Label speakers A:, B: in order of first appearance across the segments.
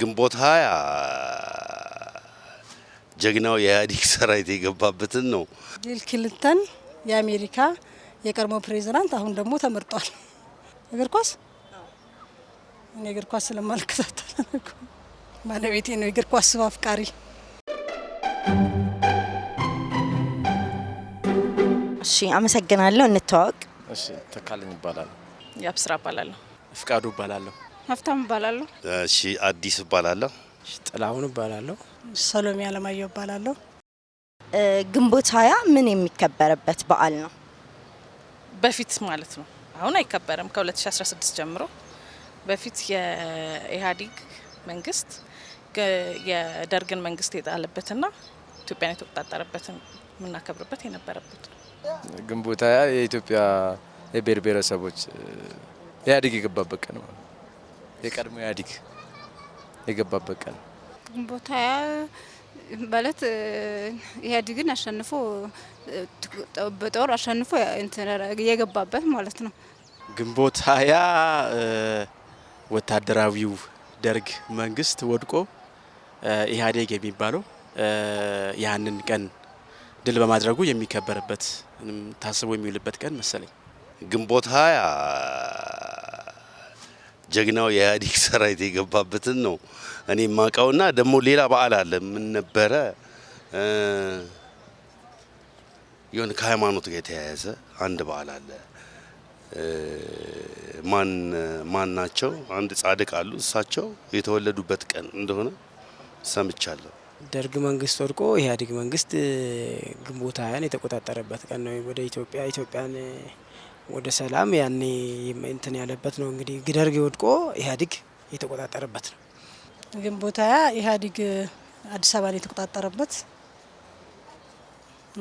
A: ግንቦት ሀያ ጀግናው የኢህአዴግ ሰራዊት የገባበትን ነው።
B: ቢል ክሊንተን የአሜሪካ የቀድሞ ፕሬዚዳንት አሁን ደግሞ ተመርጧል። እግር ኳስ እኔ እግር ኳስ ስለማልከታተል ባለቤቴ ነው የእግር ኳስ አፍቃሪ።
C: እሺ፣ አመሰግናለሁ። እንተዋወቅ።
D: እሺ፣ ተካልኝ ይባላል።
E: ያብስራ እባላለሁ።
F: ፍቃዱ እባላለሁ።
G: ሀብታም እባላለሁ።
H: እሺ አዲስ እባላለሁ።
I: ጥላሁን እባላለሁ።
J: ሰሎሜ አለማየሁ እባላለሁ።
C: ግንቦት ሀያ ምን የሚከበርበት በዓል ነው?
K: በፊት ማለት ነው። አሁን አይከበርም። ከ2016 ጀምሮ በፊት የኢህአዴግ መንግስት የደርግን መንግስት የጣለበትና ኢትዮጵያን የተቆጣጠረበትን የምናከብርበት የነበረበት
D: ግንቦት ሀያ የኢትዮጵያ የብሔር ብሔረሰቦች ኢህአዴግ የገባበት ቀን ነው። የቀድሞ ኢህአዴግ የገባበት ቀን
B: ቦታ ማለት ኢህአዴግን አሸንፎ በጦር አሸንፎ የገባበት ማለት ነው።
D: ግንቦት ያ ወታደራዊው ደርግ መንግስት ወድቆ ኢህአዴግ የሚባለው ያንን ቀን ድል በማድረጉ የሚከበርበት ታስቦ የሚውልበት ቀን መሰለኝ
A: ግንቦት ሃያ ጀግናው የኢህአዴግ ሰራዊት የገባበትን ነው እኔ ማውቀውና ደግሞ ሌላ በዓል አለ። ምን ነበረ? የሆነ ከሃይማኖት ጋር የተያያዘ አንድ በዓል አለ። ማን ማን ናቸው? አንድ ጻድቅ አሉ። እሳቸው የተወለዱበት ቀን እንደሆነ ሰምቻለሁ።
L: ደርግ መንግስት ወድቆ ኢህአዴግ መንግስት ግንቦት ሀያን የተቆጣጠረበት ቀን ነው ወደ ኢትዮጵያ ኢትዮጵያን ወደ ሰላም ያኔ እንትን ያለበት ነው እንግዲህ ግደርግ ወድቆ ኢህአዴግ የተቆጣጠረበት ነው።
B: ግንቦት ሃያ ኢህአዴግ አዲስ አበባን የተቆጣጠረበት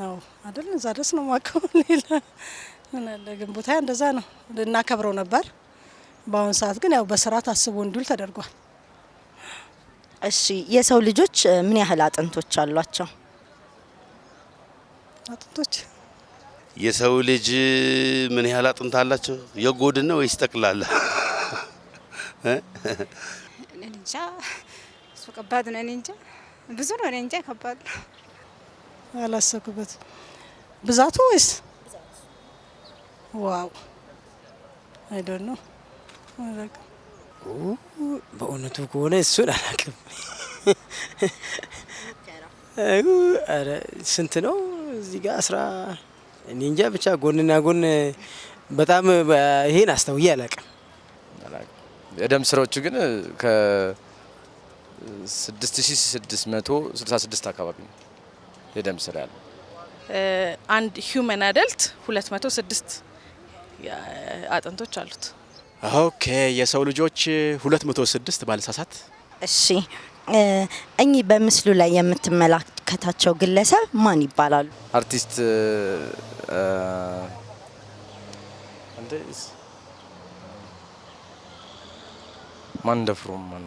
B: ነው አይደል? እዛ ድረስ ነው ማቀው። ሌላ ምን አለ? ግንቦት ሃያ እንደዛ ነው ልናከብረው ነበር። በአሁኑ ሰዓት ግን ያው በስራ ታስቦ እንዲውል ተደርጓል።
C: እሺ፣ የሰው ልጆች ምን ያህል አጥንቶች አሏቸው?
B: አጥንቶች
A: የሰው ልጅ ምን ያህል አጥንት አላቸው? የጎድን ነው ወይስ ጠቅላላ?
B: እኔ እንጃ። እሱ ከባድ ነው። እኔ እንጃ፣ ብዙ ነው። እኔ እንጃ፣ ከባድ ነው። አላሰብኩበትም። ብዛቱ ወይስ? ዋው አይ ዶንት ኖ
M: በእውነቱ ከሆነ እሱን አላውቅም። ኧረ ስንት ነው እዚህ ጋር አስራ እኔ እንጃ ብቻ ጎንና ጎን በጣም ይሄን አስተውዬ አላቅም።
D: የደም ስሮቹ ግን ከ6666 አካባቢ ነው የደም ስር ያለው
K: አንድ ሂውመን አደልት 206 አጥንቶች አሉት።
D: ኦኬ የሰው ልጆች 206 ባልሳሳት።
C: እሺ እኚህ በምስሉ ላይ የምትመለከታቸው ግለሰብ ማን ይባላሉ?
D: አርቲስት ማን ደፍሮ ማን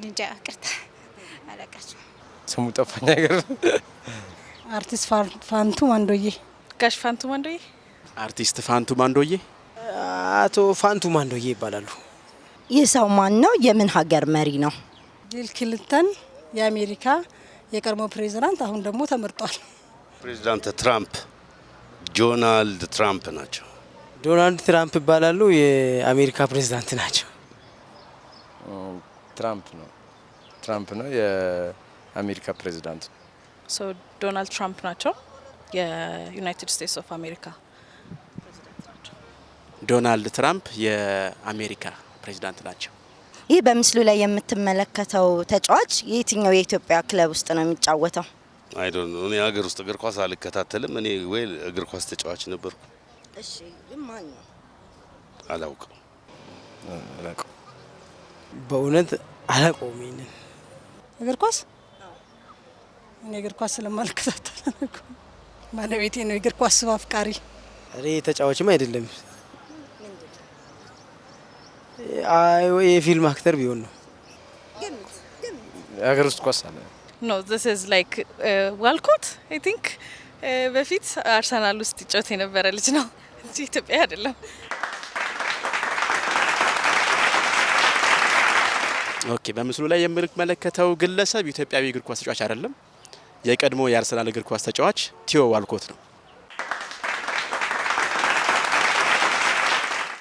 B: እንጃ ቅርታ አላቃቸው
D: ስሙ ጠፋኝ። ነገር
B: አርቲስት ፋንቱ ማንዶዬ፣
K: ጋሽ ፋንቱ ማንዶዬ፣
D: አርቲስት ፋንቱ ማንዶዬ፣
M: አቶ ፋንቱ ማንዶዬ ይባላሉ።
C: ይህ ሰው ማን ነው? የምን ሀገር መሪ ነው?
B: ቢል ክሊንተን የአሜሪካ የቀድሞ ፕሬዚዳንት አሁን ደግሞ ተመርጧል።
A: ፕሬዚዳንት ትራምፕ ዶናልድ ትራምፕ ናቸው።
L: ዶናልድ ትራምፕ ይባላሉ። የአሜሪካ ፕሬዚዳንት ናቸው።
D: ትራምፕ ነው ትራምፕ ነው የአሜሪካ ፕሬዚዳንት ነው።
K: ዶናልድ ትራምፕ ናቸው። የዩናይትድ ስቴትስ ኦፍ አሜሪካ
M: ዶናልድ ትራምፕ የአሜሪካ ፕሬዚዳንት ናቸው።
C: ይህ በምስሉ ላይ የምትመለከተው ተጫዋች የትኛው የኢትዮጵያ ክለብ ውስጥ ነው የሚጫወተው?
A: አይ ዶንት ኖ እኔ ሀገር ውስጥ እግር ኳስ አልከታተልም። እኔ ወይ እግር ኳስ ተጫዋች ነበርኩ።
B: እሺ፣ ግን ማን ነው?
A: አላውቅም።
M: በእውነት አላውቀውም። ይሄንን
B: እግር ኳስ እኔ እግር ኳስ ስለማልከታተል ባለቤቴ ነው የእግር ኳስ አፍቃሪ።
M: እኔ ተጫዋችም አይደለም የፊልም አክተር ቢሆን ነው።
D: ሀገር ውስጥ ኳስ አለ
K: ኖ ዚስ ኢዝ ላይክ ዋልኮት አይ ቲንክ በፊት አርሰናል ውስጥ ይጫወት የነበረ ልጅ ነው እንጂ ኢትዮጵያ አይደለም።
D: ኦኬ በምስሉ ላይ የምንመለከተው ግለሰብ ኢትዮጵያዊ እግር ኳስ ተጫዋች አይደለም። የቀድሞ የአርሰናል እግር ኳስ ተጫዋች ቲዮ ዋልኮት ነው።